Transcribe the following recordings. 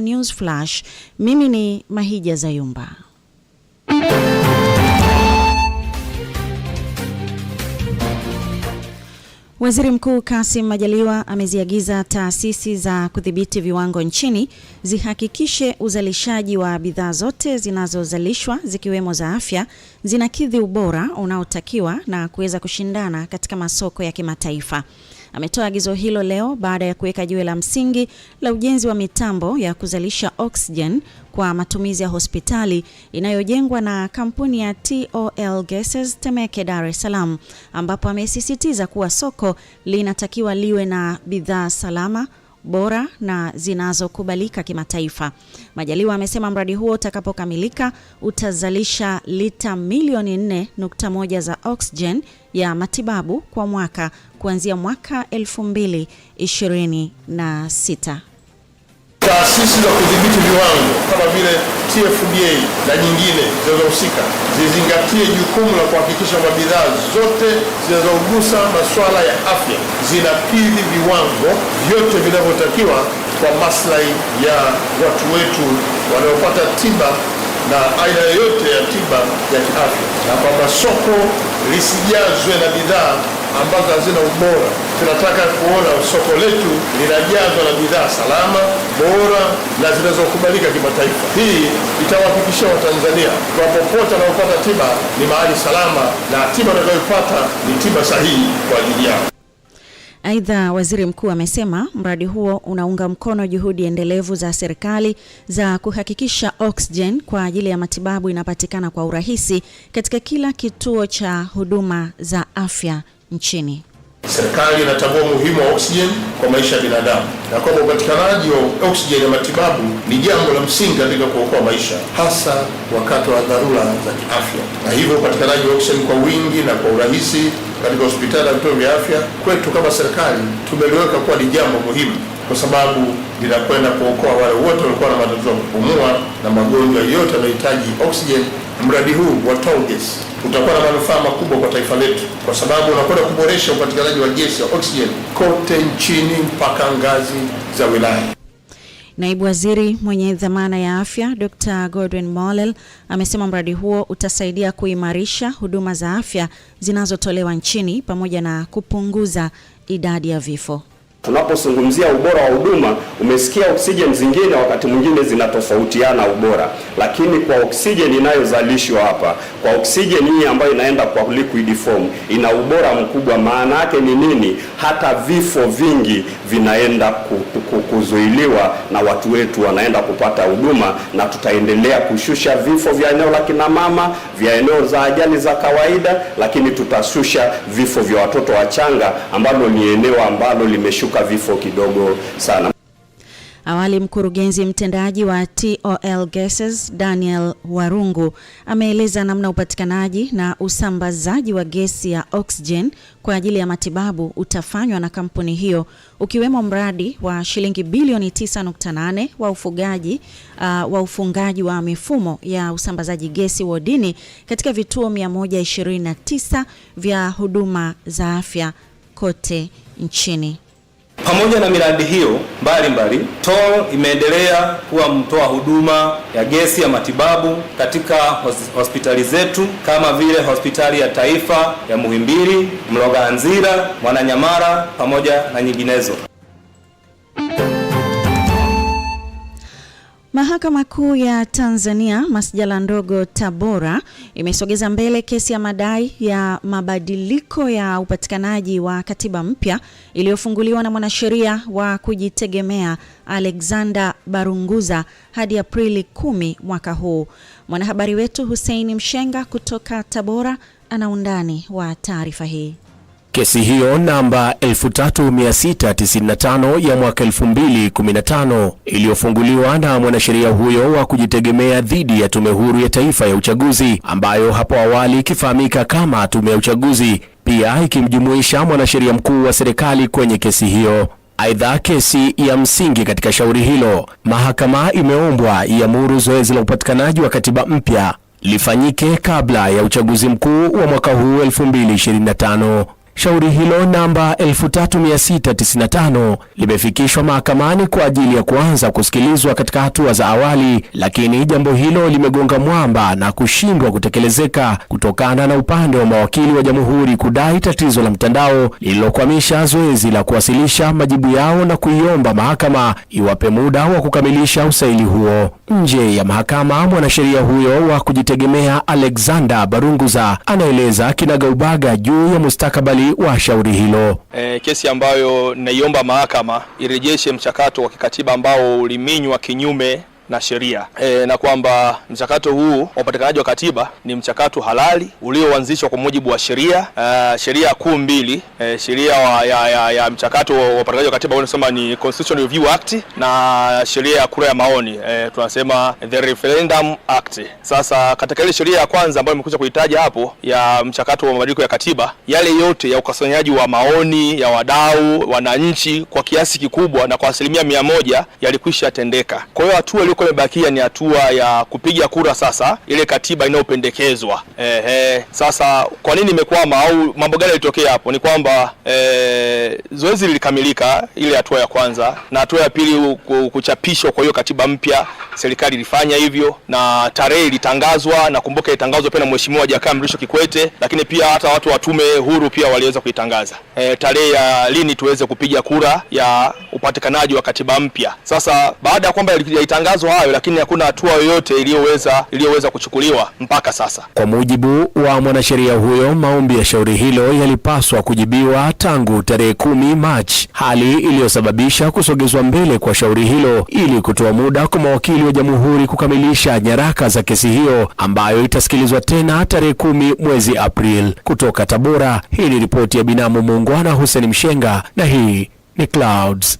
News Flash. Mimi ni Mahija Zayumba. Waziri Mkuu Kassim Majaliwa ameziagiza taasisi za kudhibiti viwango nchini zihakikishe uzalishaji wa bidhaa zote zinazozalishwa zikiwemo za afya zinakidhi ubora unaotakiwa na kuweza kushindana katika masoko ya kimataifa ametoa agizo hilo leo baada ya kuweka jiwe la msingi la ujenzi wa mitambo ya kuzalisha oxygen kwa matumizi ya hospitali inayojengwa na kampuni ya TOL Gases Temeke, Dar es Salaam, ambapo amesisitiza kuwa soko linatakiwa liwe na bidhaa salama bora na zinazokubalika kimataifa. Majaliwa amesema mradi huo utakapokamilika utazalisha lita milioni 4.1 za oksijeni ya matibabu kwa mwaka kuanzia mwaka 2026 taasisi za kudhibiti viwango kama vile TFDA na nyingine zinazohusika zizingatie jukumu la kuhakikisha kwamba bidhaa zote zinazogusa masuala ya afya zinakidhi viwango vyote vinavyotakiwa kwa maslahi ya watu wetu wanaopata tiba na aina yoyote ya tiba ya kiafya, na kwamba soko lisijazwe na bidhaa ambazo hazina ubora. Tunataka kuona soko letu linajazwa na bidhaa salama, bora na zinazokubalika kimataifa. Hii itawahakikishia Watanzania kwa popote wanaopata tiba ni mahali salama na tiba wanayopata ni tiba sahihi kwa ajili yao. Aidha, waziri mkuu amesema mradi huo unaunga mkono juhudi endelevu za serikali za kuhakikisha oksijeni kwa ajili ya matibabu inapatikana kwa urahisi katika kila kituo cha huduma za afya nchini. Serikali inatambua umuhimu wa oksijeni kwa maisha ya binadamu na kwamba upatikanaji wa oksijeni ya matibabu ni jambo la msingi katika kuokoa maisha, hasa wakati wa dharura za kiafya, na hivyo upatikanaji wa oksijeni kwa wingi na kwa urahisi katika hospitali na vituo vya afya kwetu kama serikali tumeliweka kuwa ni jambo muhimu, kwa sababu linakwenda kuokoa wale wote waliokuwa na matatizo ya kupumua na magonjwa yote yanayohitaji oksijeni. Mradi huu wa utakuwa na manufaa makubwa kwa taifa letu, kwa sababu unakwenda kuboresha upatikanaji wa gesi ya oksijeni kote nchini mpaka ngazi za wilaya. Naibu Waziri mwenye dhamana ya afya Dr. Godwin Mollel amesema mradi huo utasaidia kuimarisha huduma za afya zinazotolewa nchini pamoja na kupunguza idadi ya vifo. Tunapozungumzia ubora wa huduma, umesikia oksijen zingine wakati mwingine zinatofautiana ubora, lakini kwa oksijen inayozalishwa hapa, kwa oksijen hii ambayo inaenda kwa liquid form ina ubora mkubwa. Maana yake ni nini? Hata vifo vingi vinaenda ku kuzuiliwa na watu wetu wanaenda kupata huduma, na tutaendelea kushusha vifo vya eneo la kinamama, vya eneo za ajali za kawaida, lakini tutashusha vifo vya watoto wachanga ambalo ni eneo ambalo limeshuka vifo kidogo sana. Awali mkurugenzi mtendaji wa TOL Gases Daniel Warungu ameeleza namna upatikanaji na usambazaji wa gesi ya oxygen kwa ajili ya matibabu utafanywa na kampuni hiyo ukiwemo mradi wa shilingi bilioni 9.8 wa ufugaji uh, wa ufungaji wa mifumo ya usambazaji gesi wodini katika vituo 129 vya huduma za afya kote nchini. Pamoja na miradi hiyo mbalimbali, TOL imeendelea kuwa mtoa huduma ya gesi ya matibabu katika hospitali zetu kama vile hospitali ya taifa ya Muhimbili, Mloganzila, Mwananyamala pamoja na nyinginezo. Mahakama Kuu ya Tanzania masjala ndogo Tabora imesogeza mbele kesi ya madai ya mabadiliko ya upatikanaji wa katiba mpya iliyofunguliwa na mwanasheria wa kujitegemea Alexander Barunguza hadi Aprili kumi mwaka huu. Mwanahabari wetu Hussein Mshenga kutoka Tabora ana undani wa taarifa hii. Kesi hiyo namba 3695 ya mwaka 2015 iliyofunguliwa na mwanasheria huyo wa kujitegemea dhidi ya Tume Huru ya Taifa ya Uchaguzi ambayo hapo awali ikifahamika kama Tume ya Uchaguzi, pia ikimjumuisha mwanasheria mkuu wa serikali kwenye kesi hiyo. Aidha, kesi ya msingi katika shauri hilo, mahakama imeombwa iamuru zoezi la upatikanaji wa katiba mpya lifanyike kabla ya uchaguzi mkuu wa mwaka huu 2025. Shauri hilo namba 3695 limefikishwa mahakamani kwa ajili ya kuanza kusikilizwa katika hatua za awali, lakini jambo hilo limegonga mwamba na kushindwa kutekelezeka kutokana na upande wa mawakili wa Jamhuri kudai tatizo la mtandao lililokwamisha zoezi la kuwasilisha majibu yao na kuiomba mahakama iwape muda wa kukamilisha usaili huo. Nje ya mahakama, mwanasheria huyo wa kujitegemea Alexander Barunguza anaeleza kinagaubaga juu ya mustakabali ukweli wa shauri hilo. E, kesi ambayo naiomba mahakama irejeshe mchakato wa kikatiba ambao uliminywa kinyume na sheria e, na kwamba mchakato huu wa upatikanaji wa katiba ni mchakato halali ulioanzishwa kwa mujibu wa sheria uh, sheria kuu mbili e, sheria ya, ya, ya mchakato wa upatikanaji wa katiba unasema ni Constitution Review Act na sheria ya kura ya maoni e, tunasema the Referendum Act. Sasa katika ile sheria ya kwanza ambayo nimekuja kuitaja hapo ya mchakato wa mabadiliko ya katiba, yale yote ya ukasanyaji wa maoni ya wadau wananchi, kwa kiasi kikubwa na kwa asilimia mia moja yalikwisha tendeka. Kwa hiyo hatua ilikuwa imebakia ni hatua ya kupiga kura sasa ile katiba inayopendekezwa. Ehe, sasa kwa nini imekwama au mambo gani yalitokea hapo? Ni kwamba e, zoezi lilikamilika ile hatua ya kwanza, na hatua ya pili kuchapishwa kwa hiyo katiba mpya, serikali ilifanya hivyo na tarehe ilitangazwa. Nakumbuka ilitangazwa pia na Mheshimiwa Jakaya Mrisho Kikwete, lakini pia hata watu wa tume huru pia waliweza kuitangaza e, tarehe ya lini tuweze kupiga kura ya upatikanaji wa katiba mpya. Sasa baada ya kwamba ilitangazwa mawazo hayo, lakini hakuna hatua yoyote iliyoweza iliyoweza kuchukuliwa mpaka sasa. Kwa mujibu wa mwanasheria huyo, maombi ya shauri hilo yalipaswa kujibiwa tangu tarehe kumi Machi, hali iliyosababisha kusogezwa mbele kwa shauri hilo ili kutoa muda kwa mawakili wa jamhuri kukamilisha nyaraka za kesi hiyo ambayo itasikilizwa tena tarehe kumi mwezi Aprili. Kutoka Tabora, hii ni ripoti ya binamu muungwana Hussein Mshenga na hii ni Clouds.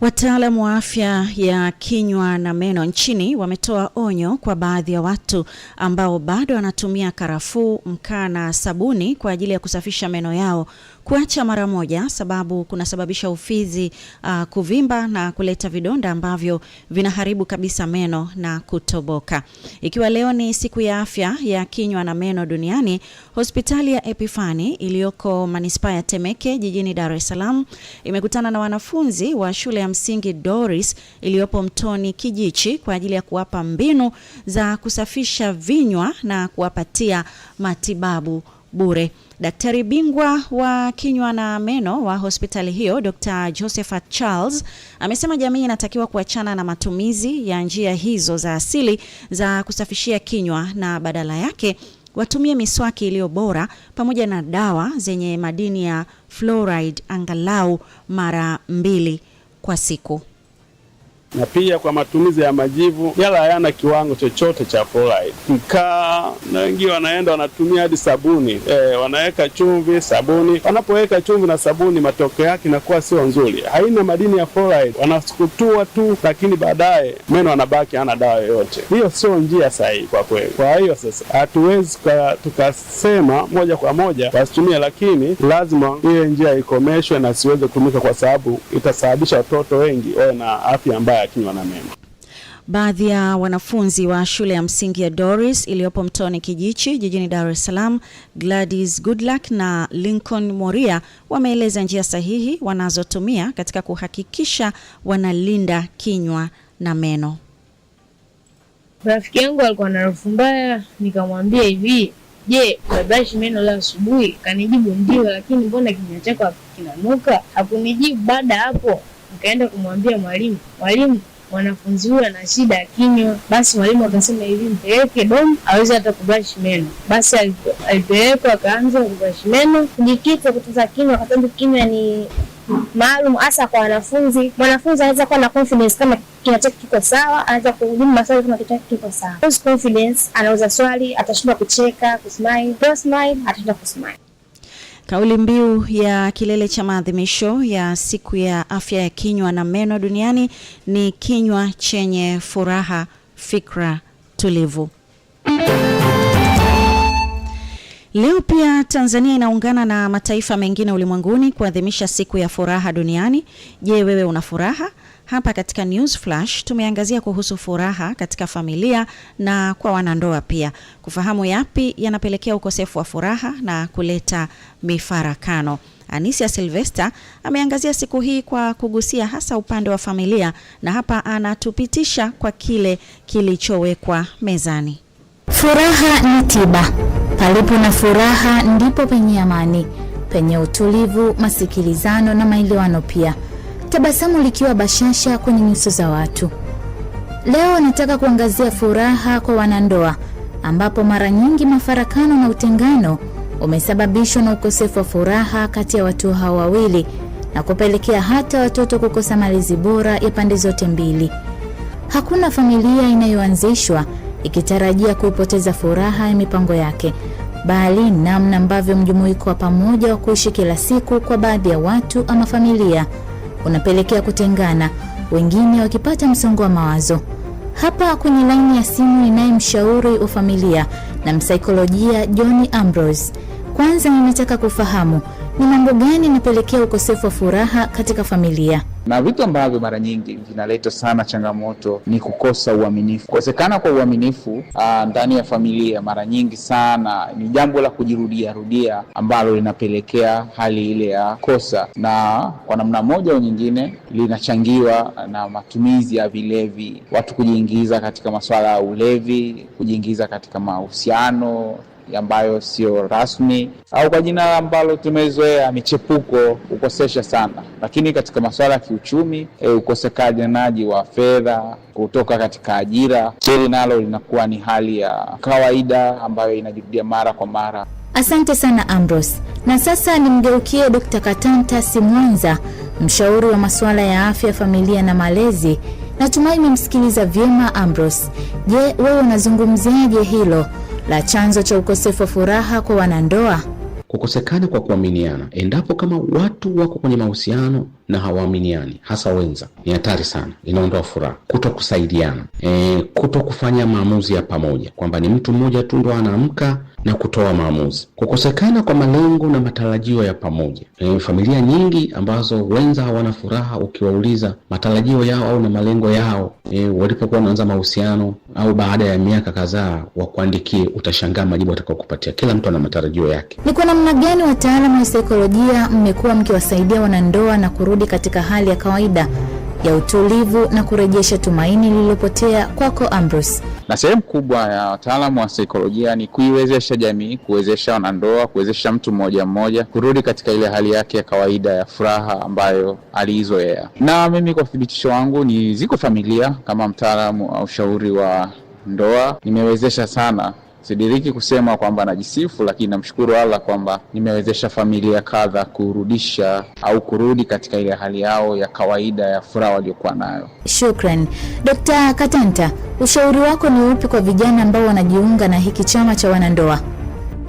Wataalamu wa afya ya kinywa na meno nchini wametoa onyo kwa baadhi ya watu ambao bado wanatumia karafuu, mkaa na sabuni kwa ajili ya kusafisha meno yao kuacha mara moja, sababu kunasababisha ufizi uh, kuvimba na kuleta vidonda ambavyo vinaharibu kabisa meno na kutoboka. Ikiwa leo ni siku ya afya ya kinywa na meno duniani, hospitali ya Epifani iliyoko manispaa ya Temeke jijini Dar es Salaam imekutana na wanafunzi wa shule ya msingi Doris iliyopo Mtoni Kijichi kwa ajili ya kuwapa mbinu za kusafisha vinywa na kuwapatia matibabu bure. Daktari bingwa wa kinywa na meno wa hospitali hiyo Dr. joseph Charles amesema jamii inatakiwa kuachana na matumizi ya njia hizo za asili za kusafishia kinywa na badala yake watumie miswaki iliyo bora pamoja na dawa zenye madini ya fluoride angalau mara mbili kwa siku na pia kwa matumizi ya majivu yala hayana kiwango chochote cha fluoride. Mkaa na wengi wanaenda wanatumia hadi sabuni e, wanaweka chumvi, sabuni. Wanapoweka chumvi na sabuni, matokeo yake inakuwa sio nzuri, haina madini ya fluoride, wanasukutua tu, lakini baadaye meno anabaki hana dawa yoyote. Hiyo sio njia sahihi kwa kweli. Kwa hiyo sasa hatuwezi tukasema moja kwa moja wasitumie, lakini lazima ile njia ikomeshwe na siweze kutumika, kwa sababu itasababisha watoto wengi wawe na afya mbaya ya kinywa na meno. Baadhi ya wanafunzi wa shule ya msingi ya Doris iliyopo Mtoni Kijichi jijini Dar es Salaam, Gladys Goodluck na Lincoln Moria wameeleza njia sahihi wanazotumia katika kuhakikisha wanalinda kinywa na meno. Rafiki yangu alikuwa na harufu mbaya, nikamwambia hivi, je, unabrashi meno la asubuhi? Kanijibu ndio, lakini mbona kinywa chako kinanuka? Hakunijibu. Baada hapo Nikaenda kumwambia mwalimu, mwalimu, mwanafunzi huyu ana shida ya kinywa. Basi mwalimu akasema hivi, mpeleke domu aweze hata kubrush meno. Basi alipelekwa akaanza kubrush meno, kujikita kutunza kinywa, kwa sababu kinywa ni maalum hasa kwa wanafunzi. Mwanafunzi anaweza kuwa na confidence kama kinywa chake kiko sawa, anaweza kujibu maswali kama kichwa chake kiko sawa. Confidence anauza swali, atashindwa kucheka, kusmile. Smile atashindwa kusmile. Kauli mbiu ya kilele cha maadhimisho ya siku ya afya ya kinywa na meno duniani ni kinywa chenye furaha, fikra tulivu. Leo pia Tanzania inaungana na mataifa mengine ulimwenguni kuadhimisha siku ya furaha duniani. Je, wewe una furaha? Hapa katika News Flash tumeangazia kuhusu furaha katika familia na kwa wanandoa pia, kufahamu yapi yanapelekea ukosefu wa furaha na kuleta mifarakano. Anisia Silvester ameangazia siku hii kwa kugusia hasa upande wa familia na hapa anatupitisha kwa kile kilichowekwa mezani. Furaha ni tiba. Palipo na furaha ndipo penye amani, penye utulivu, masikilizano na maelewano pia tabasamu likiwa bashasha kwenye nyuso za watu. Leo nataka kuangazia furaha kwa wanandoa, ambapo mara nyingi mafarakano na utengano umesababishwa na ukosefu wa furaha kati ya watu hao wawili na kupelekea hata watoto kukosa malezi bora ya pande zote mbili. Hakuna familia inayoanzishwa ikitarajia kuipoteza furaha ya mipango yake, bali namna ambavyo mjumuiko wa pamoja wa kuishi kila siku kwa baadhi ya watu ama familia unapelekea kutengana, wengine wakipata msongo wa mawazo. Hapa kwenye laini ya simu ninaye mshauri wa familia na msaikolojia John Ambrose. Kwanza ninataka kufahamu ni mambo gani inapelekea ukosefu wa furaha katika familia? na vitu ambavyo mara nyingi vinaleta sana changamoto ni kukosa uaminifu. Kukosekana kwa uaminifu ah, ndani ya familia mara nyingi sana ni jambo la kujirudia rudia ambalo linapelekea hali ile ya kosa, na kwa namna moja au nyingine linachangiwa na matumizi ya vilevi, watu kujiingiza katika masuala ya ulevi, kujiingiza katika mahusiano ambayo sio rasmi au kwa jina ambalo tumezoea michepuko hukosesha sana, lakini katika masuala ya kiuchumi e, ukosekanaji wa fedha kutoka katika ajira, hili nalo linakuwa ni hali ya kawaida ambayo inajirudia mara kwa mara. Asante sana Ambrose, na sasa nimgeukie d Katanta Simwanza, mshauri wa masuala ya afya, familia na malezi. Natumai umemsikiliza vyema Ambrose. Je, wewe unazungumziaje hilo? la chanzo cha ukosefu wa furaha kwa wanandoa? Kukosekana kwa kuaminiana. Endapo kama watu wako kwenye mahusiano na hawaaminiani, hasa wenza, ni hatari sana, inaondoa furaha. Kuto kusaidiana, e, eh, kuto kufanya maamuzi ya pamoja, kwamba ni mtu mmoja tu ndo anaamka na kutoa maamuzi. Kukosekana kwa malengo na matarajio ya pamoja. E, familia nyingi ambazo wenza hawana furaha, ukiwauliza matarajio yao au na malengo yao e, walipokuwa wanaanza mahusiano au baada ya miaka kadhaa, wakuandikie, utashangaa majibu watakaokupatia. Kila mtu ana matarajio yake. Ni kwa namna gani wataalamu wa saikolojia mmekuwa mkiwasaidia wanandoa na kurudi katika hali ya kawaida? ya utulivu na kurejesha tumaini lililopotea kwako Ambrose. Na sehemu kubwa ya wataalamu wa saikolojia ni kuiwezesha jamii, kuwezesha wanandoa, kuwezesha mtu mmoja mmoja kurudi katika ile hali yake ya kawaida ya furaha ambayo aliizoea. Na mimi kwa uthibitisho wangu ni ziko familia, kama mtaalamu wa ushauri wa ndoa, nimewezesha sana Sidiriki kusema kwamba najisifu, lakini namshukuru Allah kwamba nimewezesha familia kadha kurudisha au kurudi katika ile hali yao ya kawaida ya furaha waliokuwa nayo. Shukran. Dkt. Katanta, ushauri wako ni upi kwa vijana ambao wanajiunga na hiki chama cha wanandoa?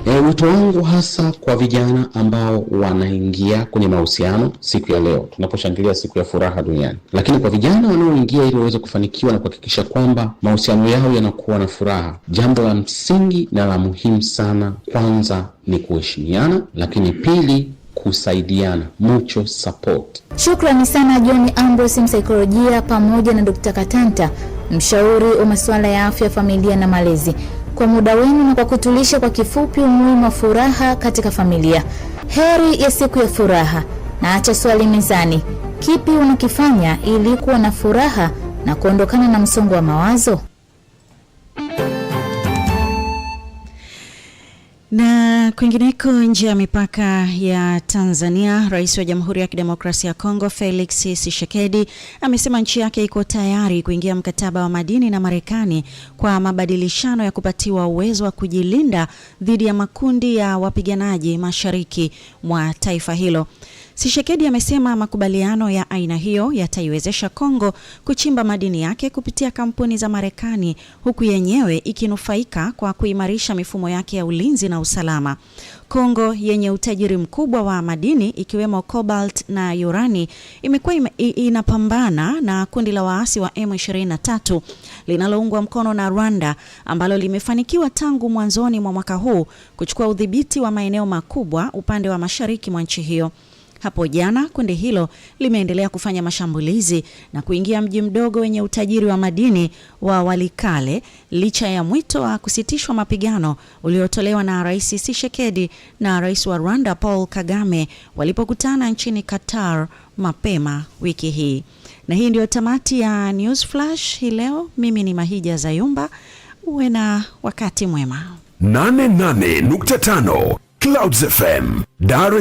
E, wito wangu hasa kwa vijana ambao wanaingia kwenye mahusiano siku ya leo tunaposhangilia siku ya furaha duniani, lakini kwa vijana wanaoingia ili waweze kufanikiwa na kuhakikisha kwamba mahusiano yao yanakuwa na furaha, jambo la msingi na la muhimu sana kwanza ni kuheshimiana, lakini pili kusaidiana mucho support. Shukrani sana John Ambrose, msaikolojia pamoja na Dr. Katanta, mshauri wa masuala ya afya, familia na malezi kwa muda wenu na kwa kutulisha kwa kifupi umuhimu wa furaha katika familia. Heri ya siku ya furaha, na acha swali mezani: kipi unakifanya ili kuwa na furaha na kuondokana na msongo wa mawazo? Na kwingineko nje ya mipaka ya Tanzania, Rais wa Jamhuri ya Kidemokrasia ya Kongo Felix Tshisekedi amesema nchi yake iko tayari kuingia mkataba wa madini na Marekani kwa mabadilishano ya kupatiwa uwezo wa kujilinda dhidi ya makundi ya wapiganaji mashariki mwa taifa hilo. Tshisekedi amesema makubaliano ya aina hiyo yataiwezesha Kongo kuchimba madini yake kupitia kampuni za Marekani huku yenyewe ikinufaika kwa kuimarisha mifumo yake ya ulinzi na usalama. Kongo yenye utajiri mkubwa wa madini ikiwemo cobalt na urani imekuwa inapambana na kundi la waasi wa M23 linaloungwa mkono na Rwanda ambalo limefanikiwa tangu mwanzoni mwa mwaka huu kuchukua udhibiti wa maeneo makubwa upande wa mashariki mwa nchi hiyo. Hapo jana kundi hilo limeendelea kufanya mashambulizi na kuingia mji mdogo wenye utajiri wa madini wa Walikale licha ya mwito wa kusitishwa mapigano uliotolewa na Rais Tshisekedi na Rais wa Rwanda Paul Kagame walipokutana nchini Qatar mapema wiki hii. Na hii ndio tamati ya News Flash hii leo. Mimi ni Mahija Zayumba, uwe na wakati mwema. 88.5 Clouds FM Dar es